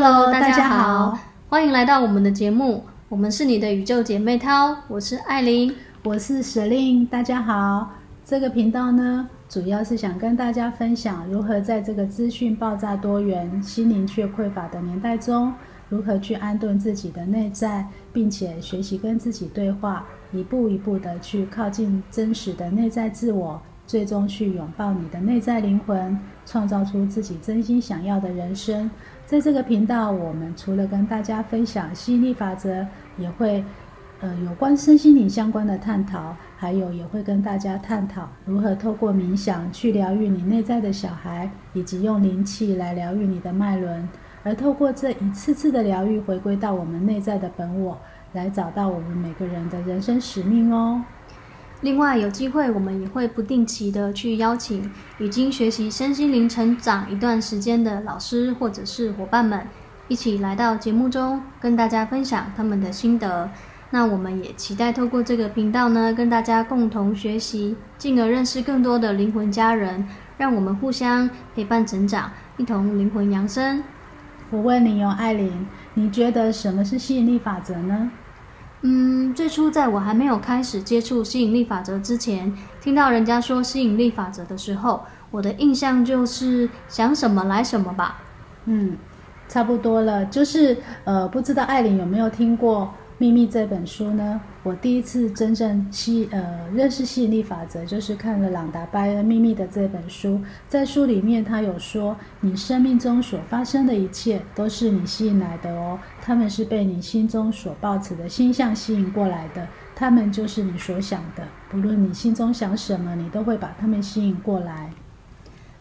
Hello，大家好，歡迎來到我們的節目。我們是你的宇宙姐妹淘，我是艾琳，我是史琳。大家好，這個頻道呢，主要是想跟大家分享如何在這個資訊爆炸、多元、心靈卻匱乏的年代中，如何去安頓自己的內在，並且學習跟自己對話，一步一步的去靠近真實的內在自我。最終去擁抱你的內在靈魂，創造出自己真心想要的人生。在這個頻道，我們除了跟大家分享吸引力法則，也會呃有關身心靈相關的探討，還有也會跟大家探討如何透過冥想去療癒你內在的小孩，以及用靈氣來療癒你的脈輪。而透過這一次次的療癒，回歸到我們內在的本我，來找到我們每個人的人生使命哦。另外，有機會我們也會不定期的去邀請已經學習身心靈成長一段時間的老師或者是夥伴們，一起來到節目中跟大家分享他們的心得。那我們也期待透過這個頻道呢，跟大家共同學習，進而認識更多的靈魂家人，讓我們互相陪伴成長，一同靈魂揚升。我問你喲、哦，艾琳，你覺得什麼是吸引力法則呢？嗯，最初，在我還沒有開始接觸吸引力法則之前，聽到人家說吸引力法則的時候，我的印象就是想什麼來什麼吧。嗯，差不多了，就是呃，不知道艾琳有沒有聽過。《秘密》這本書呢，我第一次真正吸呃認識吸引力法則，就是看了朗達·拜恩《秘密》的這本書。在書裡面，他有說，你生命中所發生的一切都是你吸引來的哦，他們是被你心中所抱持的心象吸引過來的，他們就是你所想的。不論你心中想什麼，你都會把他們吸引過來。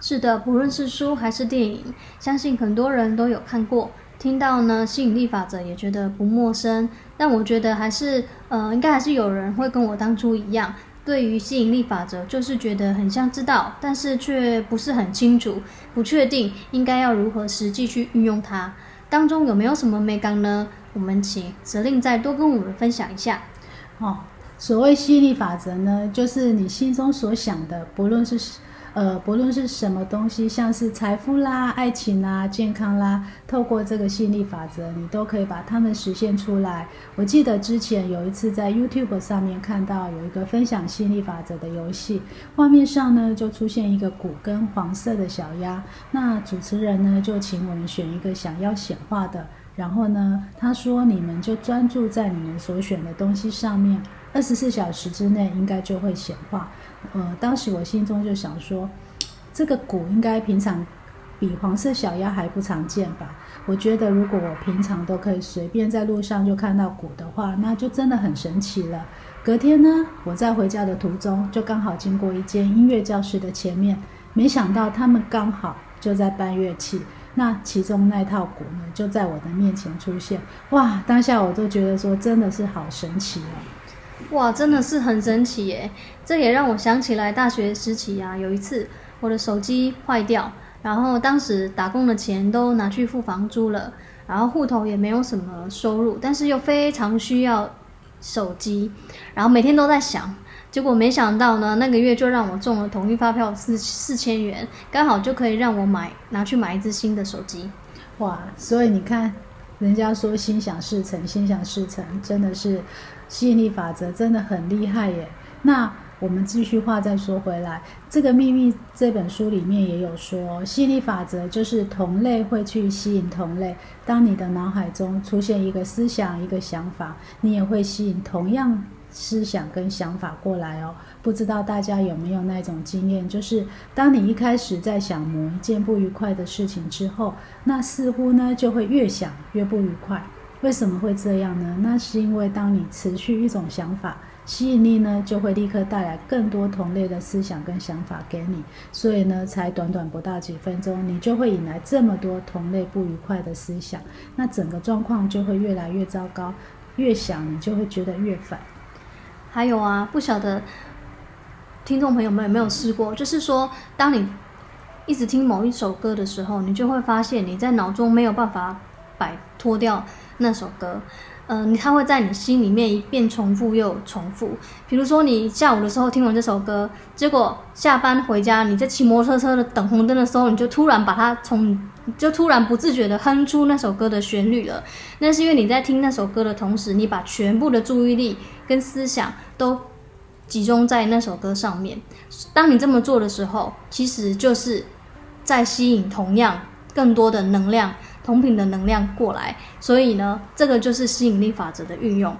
是的，不論是書還是電影，相信很多人都有看過。聽到呢，吸引力法則也覺得不陌生，但我覺得還是，呃，應該還是有人會跟我當初一樣，對於吸引力法則就是覺得很像知道，但是卻不是很清楚，不確定應該要如何實際去運用它，當中有沒有什麼眉角呢？我們請指令再多跟我們分享一下。哦，所謂吸引力法則呢，就是你心中所想的，不論是。呃，不論是什麼東西，像是財富啦、愛情啦、啊、健康啦，透過這個吸引力法則，你都可以把它們實現出來。我記得之前有一次在 YouTube 上面看到有一個分享吸引力法則的遊戲，畫面上呢就出現一個鼓跟黃色的小鴨，那主持人呢就請我們選一個想要顯化的，然後呢他說你們就專注在你們所選的東西上面。二十四小時之內應該就會顯化。呃，當時我心中就想說，這個鼓應該平常比黃色小鴨還不常見吧？我覺得如果我平常都可以隨便在路上就看到鼓的話，那就真的很神奇了。隔天呢，我在回家的途中就剛好經過一間音樂教室的前面，沒想到他們剛好就在搬樂器，那其中那套鼓呢就在我的面前出現。哇，當下我都覺得說真的是好神奇哦。哇，真的是很神奇耶！這也讓我想起來大學時期啊，有一次我的手機壞掉，然後當時打工的錢都拿去付房租了，然後戶頭也沒有什麼收入，但是又非常需要手機，然後每天都在想，結果沒想到呢，那個月就讓我中了統一發票四四千元，剛好就可以讓我買拿去買一支新的手機。哇，所以你看，人家說心想事成，心想事成真的是。吸引力法則真的很厲害耶！那我們繼續話再說回來，這個秘密這本書裡面也有說哦，吸引力法則就是同類會去吸引同類。當你的腦海中出現一個思想、一個想法，你也會吸引同樣思想跟想法過來哦。不知道大家有沒有那種經驗，就是當你一開始在想某一件不愉快的事情之後，那似乎呢就會越想越不愉快。為什麼會這樣呢？那是因為當你持續一種想法，吸引力呢就會立刻帶來更多同類的思想跟想法給你。所以呢，才短短不到幾分鐘，你就會引來這麼多同類不愉快的思想。那整個狀況就會越來越糟糕，越想你就會覺得越煩。還有啊，不曉得聽眾朋友們有沒有試過，嗯，就是說當你一直聽某一首歌的時候，你就會發現你在腦中沒有辦法擺脫掉。那首歌，嗯、呃，它會在你心裡面一遍重複又重複。比如說，你下午的時候聽完這首歌，結果下班回家，你在騎摩托車的等紅燈的時候，你就突然把它從，就突然不自覺的哼出那首歌的旋律了。那是因為你在聽那首歌的同時，你把全部的注意力跟思想都集中在那首歌上面。當你這麼做的時候，其實就是在吸引同樣更多的能量。同頻的能量過來，所以呢，這個就是吸引力法則的運用，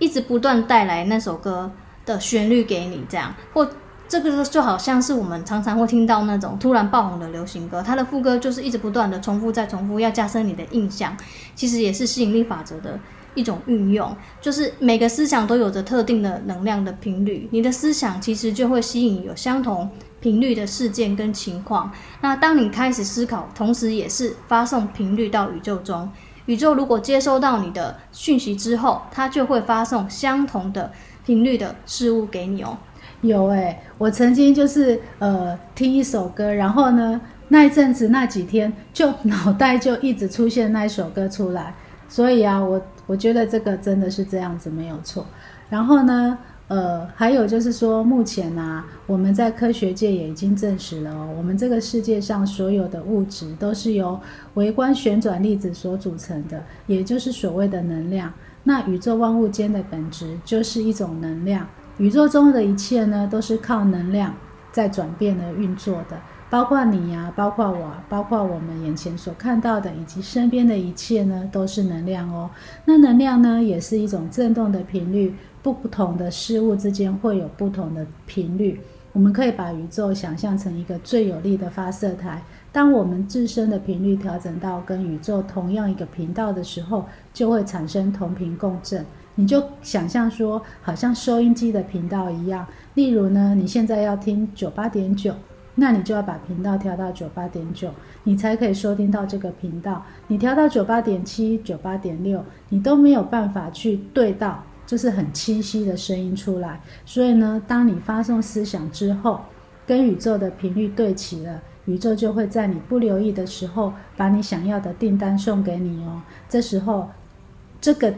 一直不斷帶來那首歌的旋律給你，這樣或這個就好像是我們常常會聽到那種突然爆紅的流行歌，它的副歌就是一直不斷的重複再重複，要加深你的印象，其實也是吸引力法則的一種運用，就是每個思想都有着特定的能量的頻率，你的思想其實就會吸引有相同頻率的事件跟情況，那當你開始思考，同時也是發送頻率到宇宙中，宇宙如果接收到你的訊息之後，它就會發送相同的頻率的事物給你哦。有欸，我曾經就是呃聽一首歌，然後呢，那一陣子那幾天就腦袋就一直出現那首歌出來，所以啊，我我覺得這個真的是這樣子沒有錯，然後呢。呃，還有就是說，目前呢、啊，我們在科學界也已經證實了，哦，我們這個世界上所有的物質都是由微觀旋轉粒子所組成的，也就是所謂的能量。那宇宙萬物間的本質就是一種能量，宇宙中的一切呢，都是靠能量在轉變而運作的，包括你呀、啊，包括我、啊，包括我們眼前所看到的，以及身邊的一切呢，都是能量哦。那能量呢，也是一種振動的頻率。不，不同的事物之間會有不同的頻率。我們可以把宇宙想象成一個最有力的發射台。當我們自身的頻率調整到跟宇宙同樣一個頻道的時候，就會產生同頻共振。你就想象說，好像收音機的頻道一樣。例如呢，你現在要聽九八點九，那你就要把頻道調到九八點九，你才可以收聽到這個頻道。你調到九八點七、九八點六，你都沒有辦法去對到。就是很清晰的聲音出來，所以呢，當你發送思想之後，跟宇宙的頻率對齊了，宇宙就會在你不留意的時候把你想要的訂單送給你哦。這時候，這個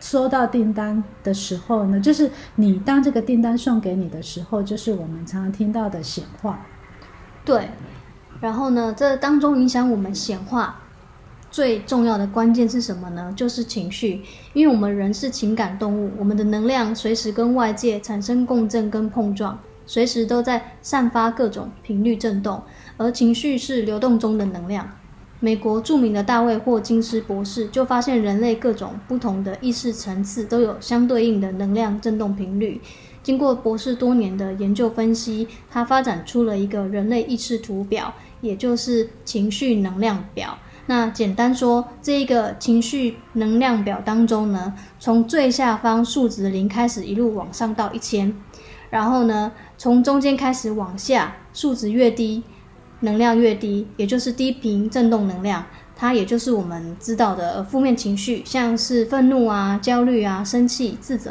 收到訂單的時候呢，就是你當這個訂單送給你的時候，就是我們常常聽到的顯化。對，然後呢，這當中影響我們顯化。最重要的關鍵是什麼呢？就是情緒，因為我們人是情感動物，我們的能量隨時跟外界產生共振跟碰撞，隨時都在散發各種頻率振動。而情緒是流動中的能量。美國著名的大衛霍金斯博士就發現，人類各種不同的意識層次都有相對應的能量振動頻率。經過博士多年的研究分析，他發展出了一個人類意識圖表，也就是情緒能量表。那簡單說，這一個情緒能量表當中呢，從最下方數值零開始，一路往上到一千，然後呢，從中間開始往下，數值越低，能量越低，也就是低頻振動能量，它也就是我們知道的負面情緒，像是憤怒啊、焦慮啊、生氣、自責、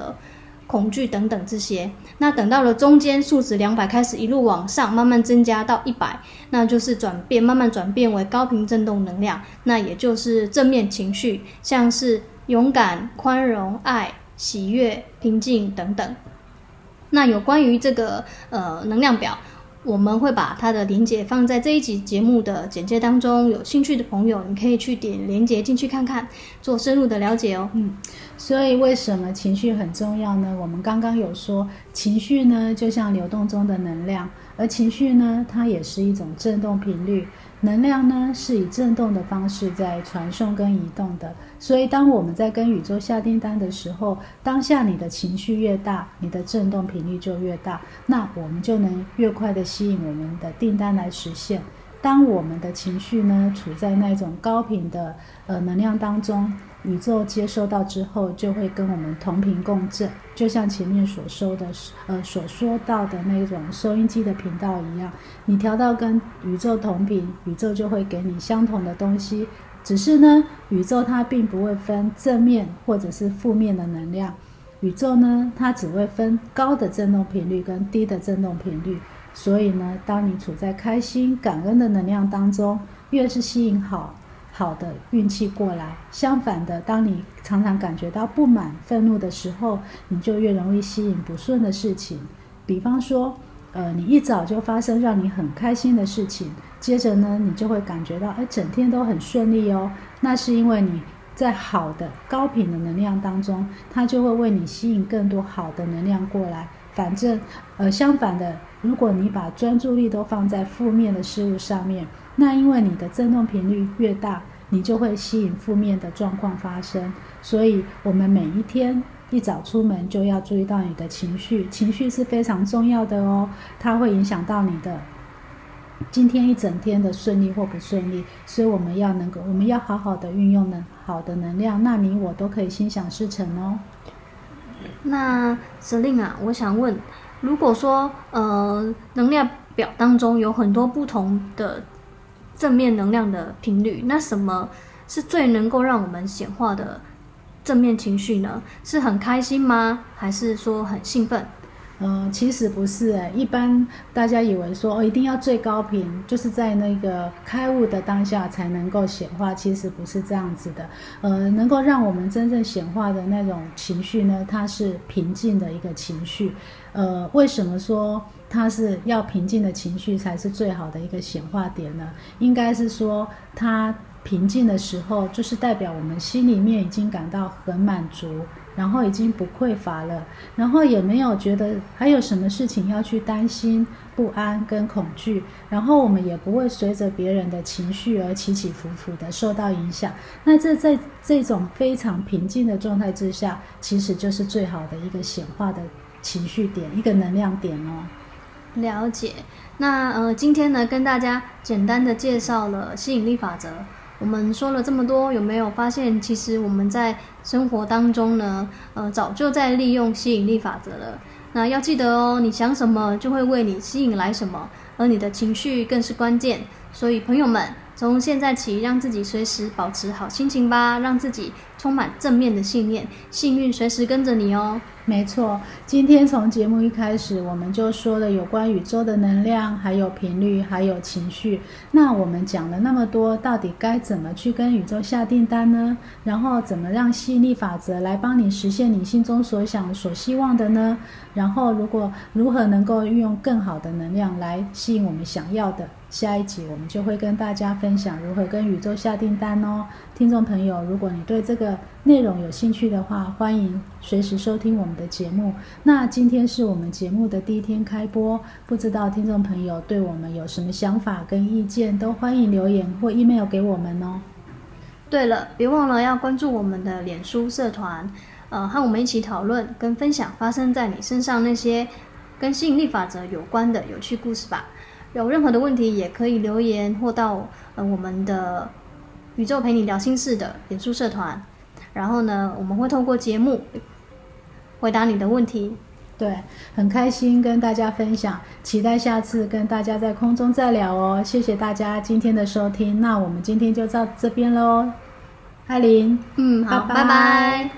恐懼等等這些。那等到了中間數值兩百，開始一路往上，慢慢增加到一百，那就是轉變，慢慢轉變為高頻振動能量，那也就是正面情緒，像是勇敢、寬容、愛、喜悅、平靜等等。那有關於這個呃能量表，我們會把它的連結放在這一集節目的簡介當中，有興趣的朋友你可以去點連結進去看看，做深入的了解哦。嗯。所以，為什麼情緒很重要呢？我們剛剛有說，情緒呢就像流動中的能量，而情緒呢，它也是一種振動頻率。能量呢是以振動的方式在傳送跟移動的。所以，當我們在跟宇宙下訂單的時候，當下你的情緒越大，你的振動頻率就越大，那我們就能越快地吸引我們的訂單來實現。當我們的情緒呢處在那種高頻的呃能量當中，宇宙接收到之後就會跟我們同頻共振，就像前面所收的呃所說到的那種收音機的頻道一樣，你調到跟宇宙同頻，宇宙就會給你相同的東西。只是呢，宇宙它並不會分正面或者是負面的能量。宇宙呢，它只會分高的振動頻率跟低的振動頻率。所以呢，當你處在開心、感恩的能量當中，越是吸引好好的運氣過來。相反的，當你常常感覺到不滿、憤怒的時候，你就越容易吸引不順的事情。比方說，呃，你一早就發生讓你很開心的事情，接着呢，你就會感覺到，哎，整天都很順利哦。那是因為你。在好的高頻的能量當中，它就會為你吸引更多好的能量過來。反正，呃，相反的，如果你把專注力都放在負面的事物上面，那因為你的振動頻率越大，你就會吸引負面的狀況發生。所以，我們每一天一早出門就要注意到你的情緒，情緒是非常重要的哦，它會影響到你的。今天一整天的順利或不順利，所以我們要能夠，我們要好好的運用呢，好的能量，那你我都可以心想事成哦。那司令啊，我想問，如果說呃，能量表當中有很多不同的正面能量的頻率，那什麼是最能夠讓我們顯化的正面情緒呢？是很開心嗎？還是說很興奮？呃，其實不是哎、欸，一般大家以為說哦，一定要最高頻，就是在那個開悟的當下才能夠顯化，其實不是這樣子的。呃，能夠讓我們真正顯化的那種情緒呢，它是平靜的一個情緒。呃，為什麼說它是要平靜的情緒才是最好的一個顯化點呢？應該是說，它平靜的時候，就是代表我們心裡面已經感到很滿足。然後已經不匱乏了，然後也沒有覺得還有什麼事情要去擔心、不安跟恐懼，然後我們也不會隨着別人的情緒而起起伏伏的受到影響。那這在這種非常平靜的狀態之下，其實就是最好的一個顯化的情緒點，一個能量點哦。了解。那呃，今天呢，跟大家簡單的介紹了吸引力法則。我們說了這麼多，有沒有發現，其實我們在生活當中呢，呃，早就在利用吸引力法則了。那要記得哦，你想什麼就會為你吸引來什麼，而你的情緒更是關鍵。所以，朋友們。從現在起，讓自己隨時保持好心情吧，讓自己充滿正面的信念，幸運隨時跟着你哦。沒錯，今天從節目一開始，我們就說了有關宇宙的能量，還有頻率，還有情緒。那我們講了那麼多，到底該怎麼去跟宇宙下訂單呢？然後怎麼讓吸引力法則來幫你實現你心中所想、所希望的呢？然後如果如何能夠運用更好的能量來吸引我們想要的？下一集我們就會跟大家分享如何跟宇宙下訂單哦，聽眾朋友，如果你對這個內容有興趣的話，歡迎隨時收聽我們的節目。那今天是我們節目的第一天開播，不知道聽眾朋友對我們有什麼想法跟意見，都歡迎留言或 email 給我們哦。對了，別忘了要關注我們的臉書社團，呃，和我們一起討論跟分享發生在你身上那些跟吸引力法則有關的有趣故事吧。有任何的問題，也可以留言或到呃，我們的宇宙陪你聊心事的臉書社團，然後呢，我們會通過節目回答你的問題。對，很開心跟大家分享，期待下次跟大家在空中再聊哦。謝謝大家今天的收聽，那我們今天就到這邊嘍。愛琳，嗯，好，拜拜。拜拜。